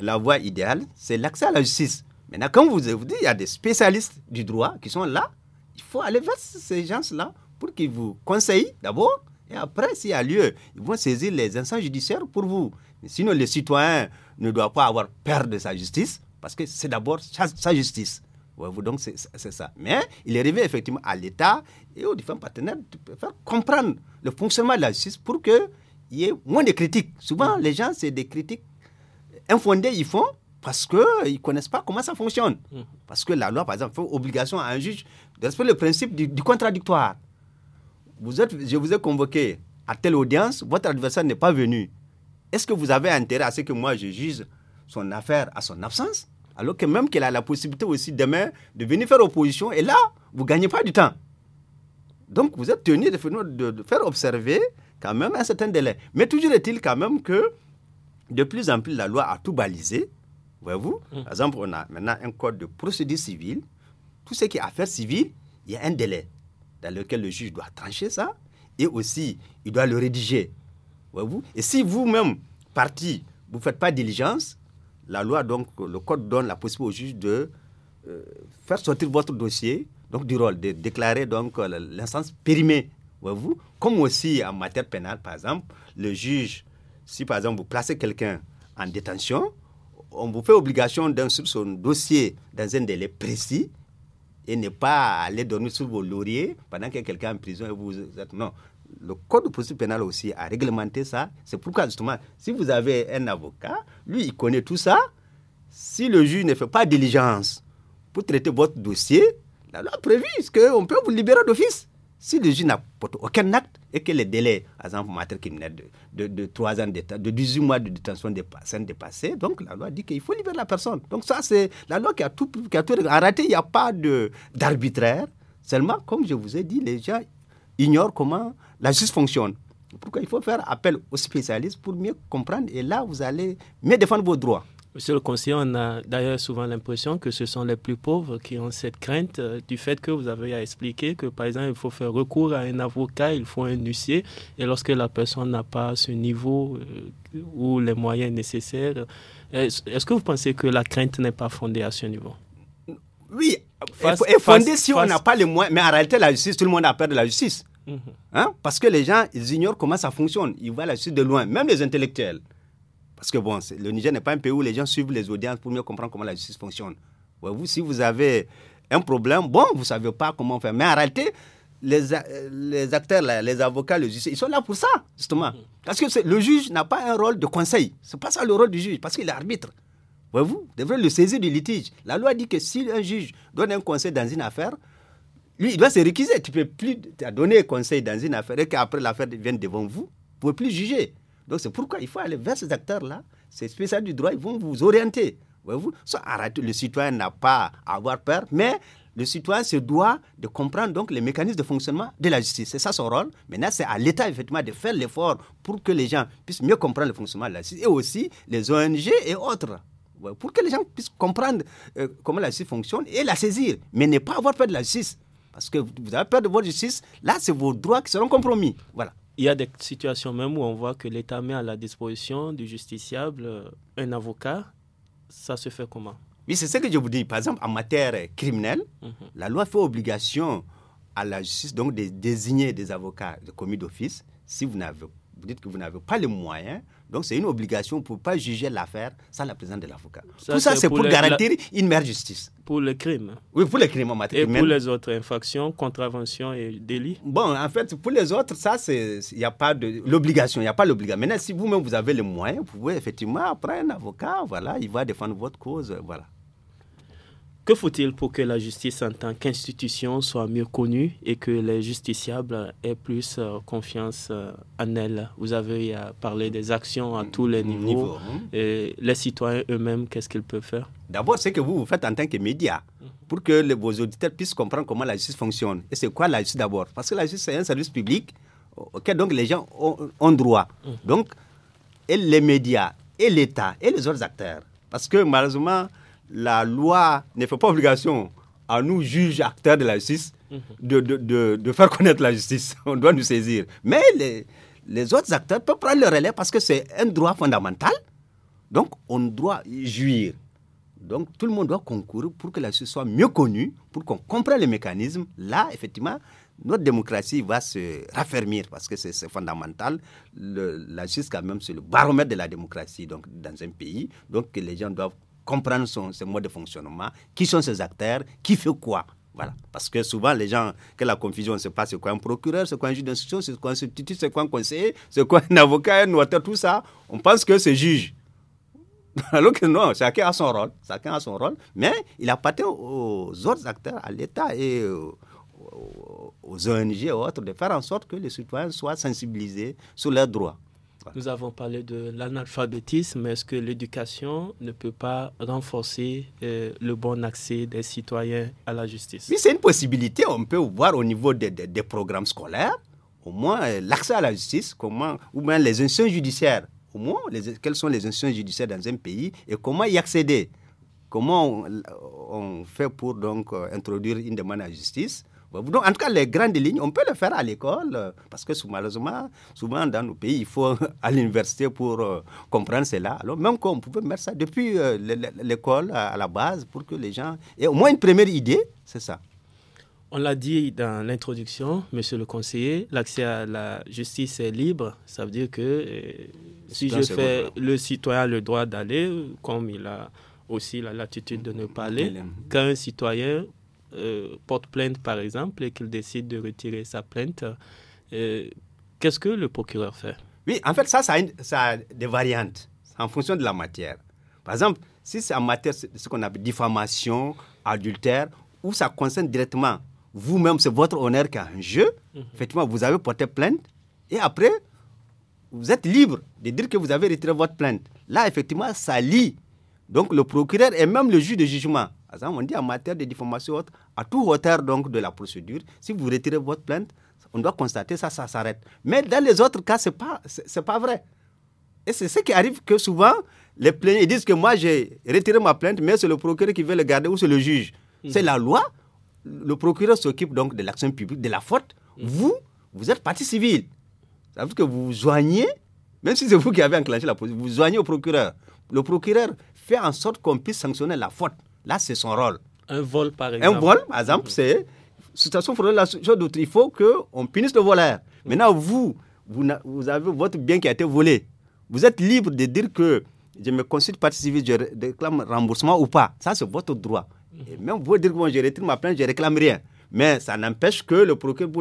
la voie idéale, c'est l'accès à la justice. Maintenant, comme vous avez dit, il y a des spécialistes du droit qui sont là. Il faut aller vers ces gens-là pour qu'ils vous conseillent d'abord et après, s'il y a lieu, ils vont saisir les instances judiciaires pour vous. sinon, le citoyen ne doit pas avoir peur de sa justice, parce que c'est d'abord sa, justice. Voyez-vous, donc c'est ça. Mais il est arrivé effectivement à l'État et aux différents partenaires de faire comprendre le fonctionnement de la justice pour qu'il y ait moins de critiques. Souvent, les gens, c'est des critiques infondées, ils font, parce qu'ils ne connaissent pas comment ça fonctionne. Mmh. Parce que la loi, par exemple, fait obligation à un juge de respecter le principe du contradictoire vous êtes, je vous ai convoqué à telle audience, votre adversaire n'est pas venu. Est-ce que vous avez intérêt à ce que moi je juge son affaire à son absence alors que même qu'elle a la possibilité aussi demain de venir faire opposition et là, vous ne gagnez pas du temps. Donc vous êtes tenu de, faire observer quand même un certain délai. Mais toujours est-il quand même que de plus en plus la loi a tout balisé. Voyez-vous hum. Par exemple, on a maintenant un code de procédure civile. Tout ce qui est affaires civiles, il y a un délai dans lequel le juge doit trancher ça, et aussi il doit le rédiger. Voyez-vous et si vous-même, parti, vous ne faites pas diligence, la loi, donc le code donne la possibilité au juge de euh, faire sortir votre dossier donc du rôle, de déclarer donc l'instance périmée. Voyez-vous Comme aussi en matière pénale, par exemple, le juge, si par exemple vous placez quelqu'un en détention, on vous fait obligation d'instruire son dossier dans un délai précis et ne pas aller dormir sur vos lauriers pendant que quelqu'un en prison et vous Non. Le code de procédure pénale aussi a réglementé ça. C'est pourquoi, justement, si vous avez un avocat, lui, il connaît tout ça. Si le juge ne fait pas diligence pour traiter votre dossier, la loi ce qu'on peut vous libérer d'office. Si le juge n'apporte aucun acte et que les délais, par exemple, en de, trois ans de, de 18 mois de détention sont dépassés, donc la loi dit qu'il faut libérer la personne. Donc ça, c'est la loi qui a tout, qui il n'y a pas d'arbitraire. Seulement, comme je vous ai dit, les gens ignorent comment la justice fonctionne. Pourquoi il faut faire appel aux spécialistes pour mieux comprendre et là, vous allez mieux défendre vos droits. Monsieur le conseiller, on a d'ailleurs souvent l'impression que ce sont les plus pauvres qui ont cette crainte euh, du fait que vous avez à expliquer que, par exemple, il faut faire recours à un avocat, il faut un huissier, et lorsque la personne n'a pas ce niveau euh, ou les moyens nécessaires, est-ce que vous pensez que la crainte n'est pas fondée à ce niveau Oui, elle euh, est fondée si on n'a pas les moyens, mais en réalité, la justice, tout le monde a peur de la justice. Mm-hmm. Hein? Parce que les gens, ils ignorent comment ça fonctionne. Ils voient la justice de loin, même les intellectuels. Parce que bon, le Niger n'est pas un pays où les gens suivent les audiences pour mieux comprendre comment la justice fonctionne. vous, si vous avez un problème, bon, vous ne savez pas comment faire. Mais en réalité, les, acteurs, les avocats, les ils sont là pour ça, justement. Parce que le juge n'a pas un rôle de conseil. Ce n'est pas ça le rôle du juge, parce qu'il est arbitre. Voyez-vous, devrait le saisir du litige. La loi dit que si un juge donne un conseil dans une affaire, lui, il doit se réquiser. Tu peux plus as donné un conseil dans une affaire et qu'après l'affaire vienne devant vous, vous ne pouvez plus juger. Donc c'est pourquoi il faut aller vers ces acteurs-là. Ces spécialistes du droit, ils vont vous orienter. Voyez-vous Le citoyen n'a pas à avoir peur, mais le citoyen se doit de comprendre donc les mécanismes de fonctionnement de la justice. C'est ça son rôle. Maintenant, c'est à l'État effectivement de faire l'effort pour que les gens puissent mieux comprendre le fonctionnement de la justice et aussi les ONG et autres. Pour que les gens puissent comprendre euh, comment la justice fonctionne et la saisir, mais ne pas avoir peur de la justice. Parce que vous avez peur de votre justice, là, c'est vos droits qui seront compromis. Voilà il y a des situations même où on voit que l'État met à la disposition du justiciable euh, un avocat. Ça se fait comment Oui, c'est ce que je vous dis. Par exemple, en matière criminelle, mhm. la loi fait obligation à la justice donc de désigner des avocats de commis d'office si vous n'avez vous dites que vous n'avez pas les moyens, donc c'est une obligation pour ne pas juger l'affaire sans la présence de l'avocat. Tout ça, c'est pour, garantir une meilleure justice. Pour le crime. Oui, pour le crime en matière Et pour les autres infractions, contraventions et délits Bon, en fait, pour les autres, ça, il n'y a pas de l'obligation. Il n'y a pas l'obligation. Maintenant, si vous-même, vous avez les moyens, vous pouvez effectivement prendre un avocat, voilà, il va défendre votre cause, voilà. Que faut-il pour que la justice en tant qu'institution soit mieux connue et que les justiciables aient plus euh, confiance euh, en elle Vous avez euh, parlé des actions à tous les niveaux. Hein. et les citoyens eux-mêmes, qu'est-ce qu'ils peuvent faire D'abord, ce que vous, vous faites en tant que médias, pour que vos auditeurs puissent comprendre comment la justice fonctionne. Et c'est quoi la justice d'abord Parce que la justice, c'est un service public auquel donc les gens ont, ont droit. Mmh. Donc, et les médias, et l'État, et les autres acteurs. Parce que malheureusement, la loi ne fait pas obligation à nous, juges, acteurs de la justice, mhm. de, faire connaître la justice. On doit nous saisir. Mais les, les autres acteurs peuvent prendre le relais parce que c'est un droit fondamental. Donc, on doit jouir. Donc, tout le monde doit concourir pour que la justice soit mieux connue, pour qu'on comprenne les mécanismes. Là, effectivement, notre démocratie va se raffermir parce que c'est fondamental. la justice, quand même, c'est le baromètre de la démocratie donc, dans un pays. Donc, les gens doivent comprendre son, ses modes de fonctionnement, qui sont ses acteurs, qui fait quoi. Voilà. Parce que souvent, les gens, que la confusion se pas c'est quoi un procureur, c'est quoi un juge d'instruction, c'est quoi un substitut, c'est quoi un conseiller, c'est quoi un avocat, un notaire, tout ça. On pense que c'est juge. Alors que non, chacun a son rôle, chacun a son rôle, mais il appartient aux autres acteurs, à l'État et aux, aux ONG et autres, de faire en sorte que les citoyens soient sensibilisés sur leurs droits. Nous avons parlé de l'analphabétisme. Est-ce que l'éducation ne peut pas renforcer euh, le bon accès des citoyens à la justice Oui, c'est une possibilité. On peut voir au niveau des, programmes scolaires, au moins euh, l'accès à la justice, comment, ou bien les institutions judiciaires. Au moins, quelles sont les institutions judiciaires dans un pays et comment y accéder Comment on, fait pour donc euh, introduire une demande à la justice en tout cas, les grandes lignes, on peut le faire à l'école, euh, parce que malheureusement, souvent dans nos pays, il faut à l'université pour euh, comprendre cela. Alors, même qu'on pouvait mettre ça depuis euh, l'école à la base pour que les gens aient au moins une première idée, c'est ça. On l'a dit dans l'introduction, monsieur le conseiller, l'accès à la justice est libre. Ça veut dire que si je fais le citoyen le droit d'aller, comme il a aussi la latitude de ne pas aller, qu'un citoyen euh, porte plainte, par exemple, et qu'il décide de retirer sa plainte, euh, qu'est-ce que le procureur fait Oui, en fait, ça, ça a, des variantes en fonction de la matière. Par exemple, si c'est en matière de ce qu'on appelle diffamation, adultère, ou ça concerne directement vous-même, c'est votre honneur qui a un jeu, mhm. effectivement, vous avez porté plainte, et après, vous êtes libre de dire que vous avez retiré votre plainte. Là, effectivement, ça lie. Donc, le procureur et même le juge de jugement par exemple, on dit en matière de diffamation à tout hauteur donc de la procédure, si vous retirez votre plainte, on doit constater ça, ça s'arrête. Mais dans les autres cas, ce n'est pas, c'est pas vrai. Et c'est ce qui arrive que souvent, les plaignants disent que moi, j'ai retiré ma plainte, mais c'est le procureur qui veut le garder ou c'est le juge. Mhm. C'est la loi. Le procureur s'occupe donc de l'action publique, de la faute. Mhm. Vous, vous êtes partie civile. Ça veut dire que vous vous joignez, même si c'est vous qui avez enclenché la procédure, vous vous joignez au procureur. Le procureur fait en sorte qu'on puisse sanctionner la faute. Là, c'est son rôle. Un vol, par exemple. Un vol, par exemple, mhm. c'est situation la chose Il faut qu'on punisse le voleur. Mhm. Maintenant, vous, vous, avez votre bien qui a été volé. Vous êtes libre de dire que je me consulte partie civile, je réclame remboursement ou pas. Ça, c'est votre droit. Mhm. Et même vous dire que bon, je retire ma plainte, je ne réclame rien. Mais ça n'empêche que le procureur,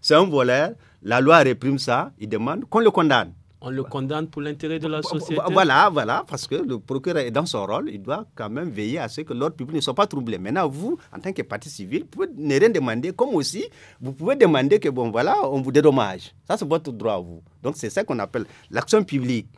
c'est un voleur, la loi réprime ça, il demande qu'on le condamne on le condamne pour l'intérêt de la bah, bah, société. Bah, voilà, voilà, parce que le procureur est dans son rôle, il doit quand même veiller à ce que l'ordre public ne soit pas troublé. Maintenant, vous, en tant que partie civile, vous pouvez ne rien demander, comme aussi, vous pouvez demander que, bon, voilà, on vous dédommage. Ça, c'est votre droit à vous. Donc, c'est ça qu'on appelle l'action publique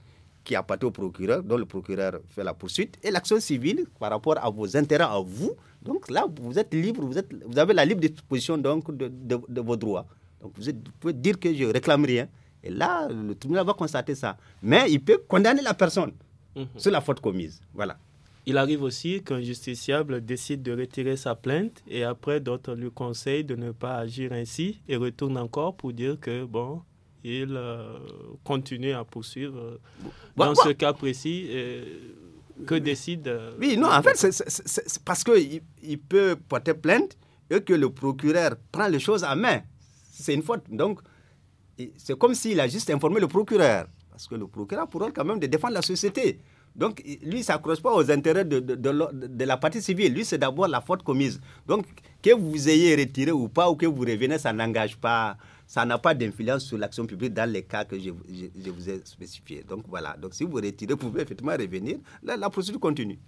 qui appartient au procureur, dont le procureur fait la poursuite, et l'action civile par rapport à vos intérêts à vous. Donc là, vous êtes libre, vous, êtes, vous avez la libre disposition donc, de, vos droits. Donc vous, vous pouvez dire que je réclame rien. Et là, le tribunal va constater ça. Mais il peut condamner la personne c'est mhm. la faute commise. Voilà. Il arrive aussi qu'un justiciable décide de retirer sa plainte et après d'autres lui conseillent de ne pas agir ainsi et retourne encore pour dire que, bon, il euh, continue à poursuivre. Euh, dans ce cas précis, que décide... Euh, oui, non, en fait, c'est parce qu'il il peut porter plainte et que le procureur prend les choses à main. C'est une faute. Donc, c'est comme s'il a juste informé le procureur. Parce que le procureur a pour rôle quand même de défendre la société. Donc, lui, ça ne correspond pas aux intérêts de, la partie civile. Lui, c'est d'abord la faute commise. Donc, que vous ayez retiré ou pas, ou que vous reveniez, ça n'engage pas, ça n'a pas d'influence sur l'action publique dans les cas que je, vous ai spécifiés. Donc, voilà. Donc, si vous retirez, vous pouvez effectivement revenir. la procédure continue.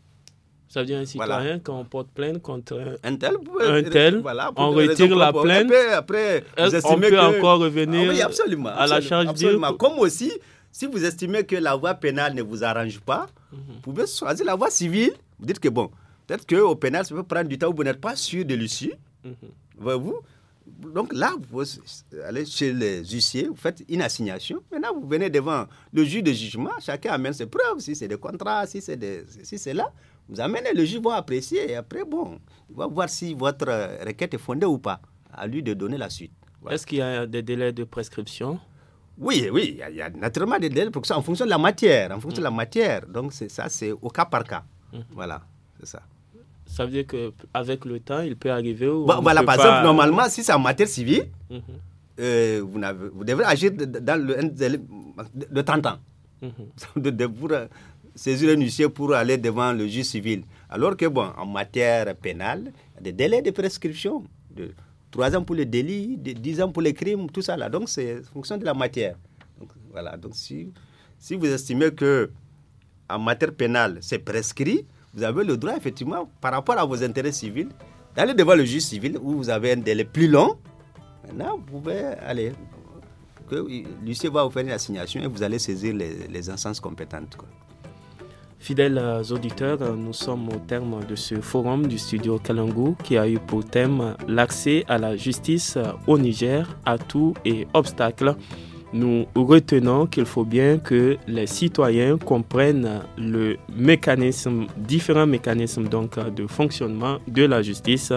Ça veut dire un citoyen, voilà. quand on porte plainte contre un tel, on retire la plainte. Après, après on peut encore ah revenir absolument, à la charge absolument. Comme aussi, si vous estimez que la voie pénale ne vous arrange pas, mhm. vous pouvez choisir la voie civile. Vous dites que bon, peut-être qu'au pénal, ça peut prendre du temps où vous n'êtes pas sûr de l'issue. Mhm. voyez vous donc là, vous allez chez les huissiers, vous faites une assignation. Maintenant, vous venez devant le juge de jugement, chacun amène ses preuves, si c'est des contrats, si c'est si là. Vous amenez le juge, vous apprécier. Et après, bon, il va voir si votre euh, requête est fondée ou pas. À lui de donner la suite. Est-ce qu'il y a des délais de prescription oui, oui, il y, a naturellement des délais pour ça, en fonction de la matière, en fonction de la mm. matière. Donc c'est ça, c'est au cas par cas. Mm. Voilà, c'est ça. Ça veut dire qu'avec le temps, il peut arriver ou... Voilà, par exemple, normalement, si c'est en matière civile, mm-hmm. euh, vous, vous, devrez agir dans le, de 30 ans. Mm-hmm. Euh, saisir un huissier pour aller devant le juge civil. Alors que, bon, en matière pénale, il y a des délais de prescription. De 3 ans pour le délit, de 10 ans pour les crimes, tout ça là. Donc, c'est fonction de la matière. Donc, voilà. Donc, si, vous estimez que en matière pénale, c'est prescrit, vous avez le droit, effectivement, par rapport à vos intérêts civils, d'aller devant le juge civil où vous avez un délai plus long. Maintenant, vous pouvez aller. L'huissier va vous faire une assignation et vous allez saisir les, les instances compétentes. Quoi. Fidèles auditeurs, nous sommes au terme de ce forum du studio Kalangou qui a eu pour thème l'accès à la justice au Niger, atouts et obstacles. Nous retenons qu'il faut bien que les citoyens comprennent le mécanisme, différents mécanismes donc de fonctionnement de la justice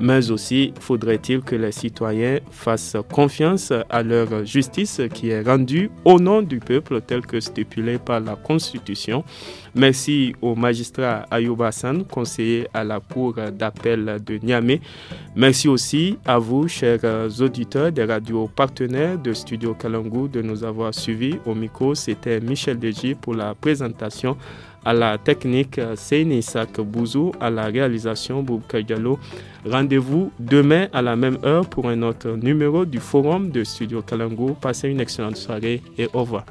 mais aussi faudrait-il que les citoyens fassent confiance à leur justice qui est rendue au nom du peuple tel que stipulé par la Constitution. Merci au magistrat Ayoub conseiller à la Cour d'appel de Niamey. Merci aussi à vous, chers auditeurs des radios partenaires de Studio Kalangou, de nous avoir suivis. Au micro, c'était Michel Deji pour la présentation à la technique euh, Seine Bouzou, à la réalisation Boubka Rendez-vous demain à la même heure pour un autre numéro du Forum de Studio Kalango. Passez une excellente soirée et au revoir.